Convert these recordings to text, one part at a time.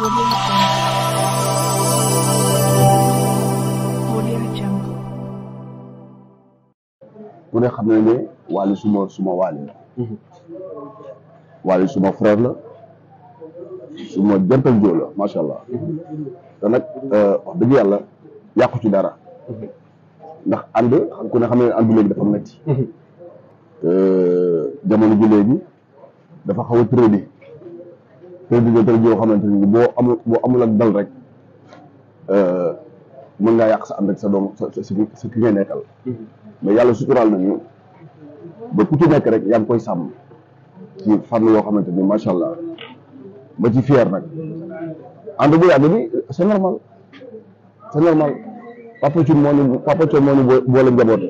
ku ne xam na ne Wally suma suma Wally la mhm. Wally suma frère la suma jantal joo la macha allah mhm. te nag euh, wax dëgg yàlla yàqu ci dara mhm. ndax ànd ku ne xam ne àndu léegi dafa metti jamono ji léegi dafa xaw a tey di dara joo xamante ni boo amul boo amul ak dal rek euh, mën ngaa yàq sa ànd ak sa doom sa sa ki ngay nekkal mm-hmm. mais yàlla suturaal nañu ba ku ci nekk rek yaa koy sàmm ci fànn yoo xamante ni macha allah ba ci fier bu bi c'est normal c'est normal papa ci moo papa ci moo ni boole njaboot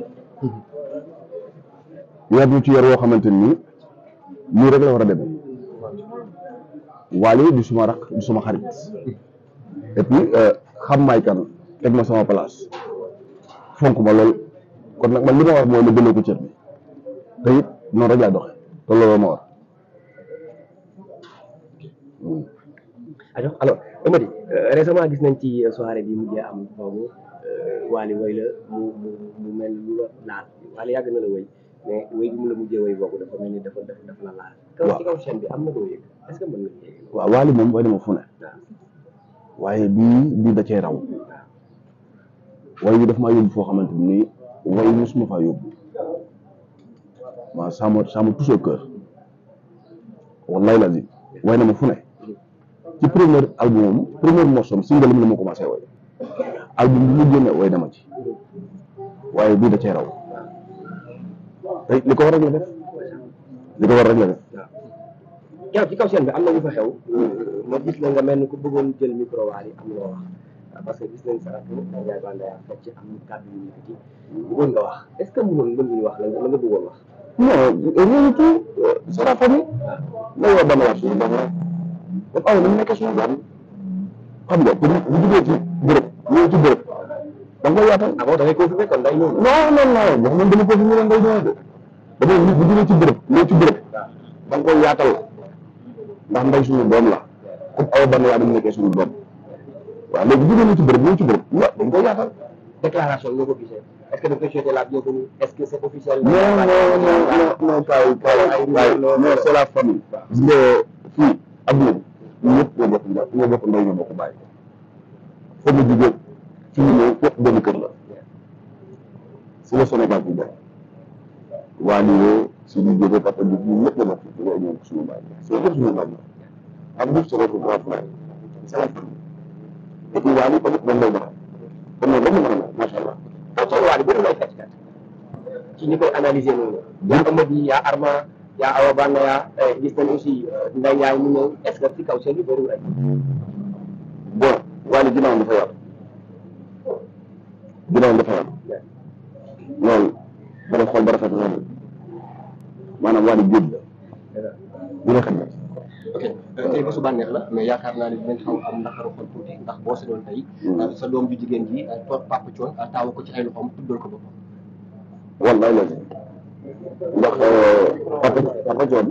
weer mm-hmm. ci yor woo xamante ni rek la walé du suma rak du suma xarit et puis euh xam may kan tek ma sama place fonk ma lool kon nak man li ma wax moy ma gëna ko cër bi te it noonu rek laa doxe te loolu ma war. alors amadi euh, récemment gis nañ ci soirée bi mujjee am bobu euh, wali way la mu mu mel lu la laal wali yag na la way mais way bi mu la mu jé way bobu dafa mel dafa dafa la laal. kaw ci kaw chaîne bi am na loo yëg est-ce que mën nga waaw waali moom way dama fu ne waaye bii bii da cee raw way bi daf maa yóbbu foo xamante ni way mosuma faa yóbbu ma sama sama tout au cœur wallahi lazim way na ma fu ne ci premier album premier morceau single mi la ma commencé way album bi mu génne way dama ci waaye bii da cee raw te li ko war rek la def li ko war rek la def keroog ci kaw seen bi am na ñu fa xew. ma gis la nga mel ni ku bëggoon jël micro waal yi am loo wax parce que gis nañ sa rajo Ndiaye Bandaye fekk am kàddu yu ñu ci bëggoon nga wax est ce que mënoon mën nañu wax la nga bëggoon wax. non rien du tout Sarafa bi. waaw la ban waat suñu bopp rek. dafa aw nañu nekk suñu bopp xam nga bu jugee ci béréb ñëw ci béréb. da nga koy yaatal. ah bon da ngay confirmé kon day ñëw. non non non wax nga dama confirmé day ñëw de. dafa nit bu jugee ci béréb ñëw ci béréb. Ah. da nga koy yaatal. ndax mbay suñu doom la comme aw ban waa dañu nekkee suñu doom waaw léegi bu ñu ci bërëb ñu ci bërëb waaw dañ koy yaatal. déclaration ñoo ko gisee est-ce que da nga koy jeté la bi yóbbu est-ce que c'est officiel. non non non non Kaaw Kaaw non c'est la famille. gis nga fii adduna bi ñëpp ñoo bokk ndaw ñoo bokk ndaw ñoo bokk bàyyi fa mu jugee fi mu ñëw képp benn kër la si la Sénégal bu baax waa Ligue sini juga pada di bulat dan aku ini saya pun semua nama ambil secara berat lain saya itu wali pada pemuda mana masalah kalau saya wali berulang kali ini kok analisis ini yang kemudian ya arma ya awal ya eh, distribusi eh, dan yang ini yang eh, es kau sendiri baru lagi eh. buat wali gimana nih saya gimana maanaam Wally géej la. bu la xamee. ok euh, tey bésu bànneex la mais yaakaar naa ne dinañ xaw am naqaru xol tuuti ndax boo seetoon tey. Hmm. Euh, sa doom ju jigéen ji euh, toog papa coon taawu ko ci ay loxoom tuddal ko boppam. wallaay la ndax papa papa coon.